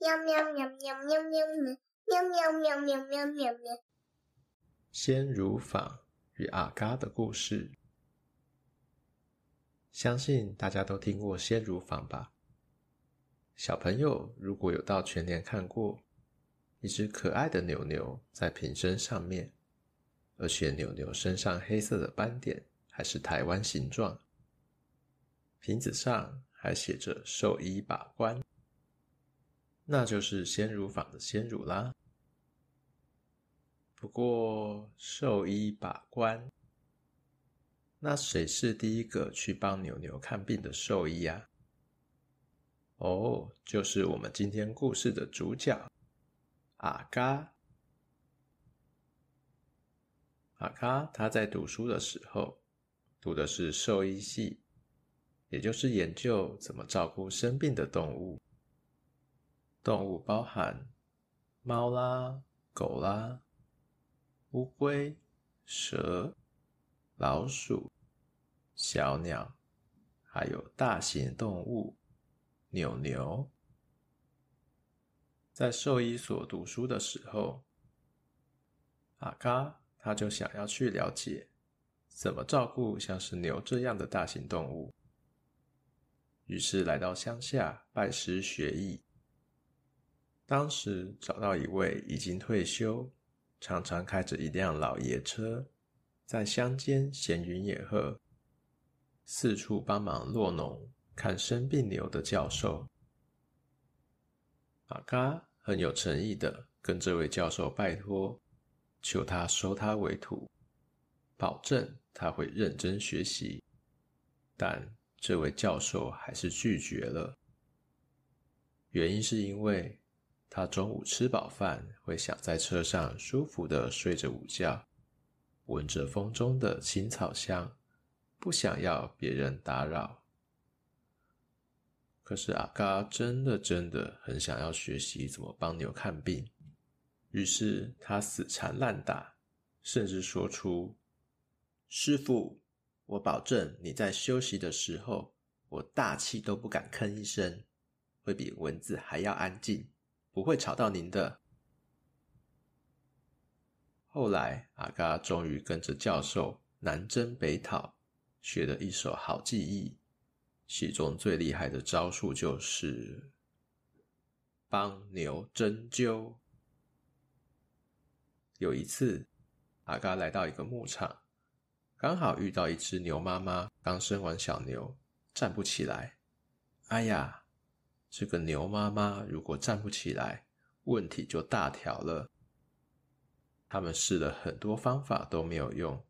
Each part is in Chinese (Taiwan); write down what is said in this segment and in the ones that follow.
喵喵喵喵喵喵喵喵喵喵喵喵喵。喵喵鮮乳坊與阿嘉的故事，相信大家都聽過鮮乳坊吧？小朋友如果有到全聯看過，一隻可愛的牛牛在瓶身上面，而且牛牛身上黑色的斑點還是台灣形狀，瓶子上還寫着獸醫把關。那就是鮮乳坊的鮮乳啦。不過獸醫把關，那誰是第一個去幫牛牛看病的獸醫啊？哦、oh，就是我們今天故事的主角阿嘉。阿嘉他在讀書的時候讀的是獸醫系，也就是研究怎麼照顧生病的動物。動物包含貓啦、狗啦、烏龜、蛇、老鼠、小鳥，還有大型動物牛牛。在獸醫所讀書的時候，阿嘉他就想要去了解怎麼照顧像是牛這樣的大型動物，於是來到鄉下拜師學藝。當時找到一位已經退休，常常開着一輛老爺車，在鄉間閒雲野鶴，四處幫忙酪農，看生病牛的教授。阿嘉很有誠意地跟這位教授拜托，求他收他為徒，保證他會認真學習。但這位教授還是拒絕了，原因是因為。他中午吃飽飯，會想在車上舒服地睡着午覺，聞着風中的青草香，不想要別人打擾。可是阿嘉真的真的很想要學習怎麼幫牛看病，於是他死纏爛打，甚至說出：“師傅，我保證你在休息的時候，我大氣都不敢吭一聲，會比蚊子還要安靜。”不會吵到您的。後來，阿嘎終於跟着教授南征北討，學了一手好技藝，其中最厲害的招數就是幫牛針灸。有一次，阿嘎來到一個牧場，剛好遇到一隻牛媽媽剛生完小牛，站不起來。哎呀！這個牛媽媽如果站不起來，問題就大條了。他們試了很多方法都沒有用，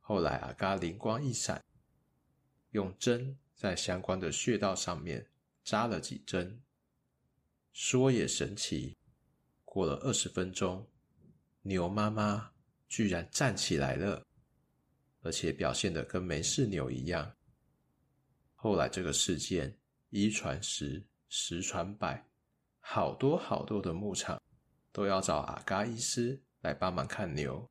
後來阿嘉靈光一閃，用針在相關的穴道上面扎了幾針，說也神奇，過了二十分鐘，牛媽媽居然站起來了，而且表現得跟沒事牛一樣。後來這個事件。一傳十，十傳百，好多好多的牧場都要找阿嘉醫師來幫忙看牛。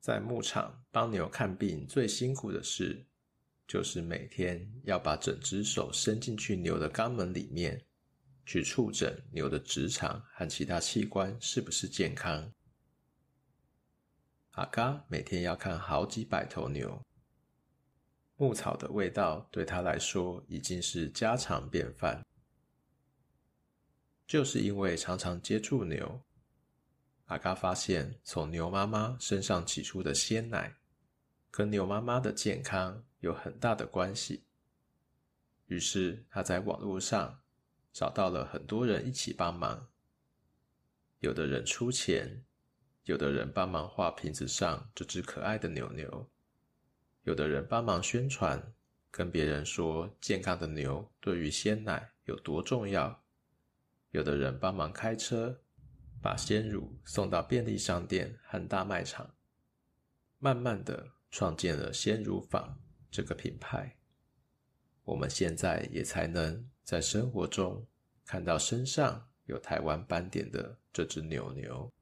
在牧場幫牛看病最辛苦的事，就是每天要把整隻手伸進去牛的肛門裡面，去觸診牛的直腸和其他器官是不是健康。阿嘉每天要看好幾百頭牛。牧草的味道對他來說已經是家常便飯。就是因為常常接觸牛，阿嘉發現從牛媽媽身上擠出的鮮奶跟牛媽媽的健康有很大的關係。於是他在網絡上找到了很多人一起幫忙，有的人出錢，有的人幫忙畫瓶子上這只可愛的牛牛。有的人幫忙宣傳，跟別人說健康的牛對於鮮奶有多重要；有的人幫忙開車，把鮮乳送到便利商店和大賣場，慢慢的創建了鮮乳坊這個品牌。我們現在也才能在生活中看到身上有台灣斑點的這隻牛牛。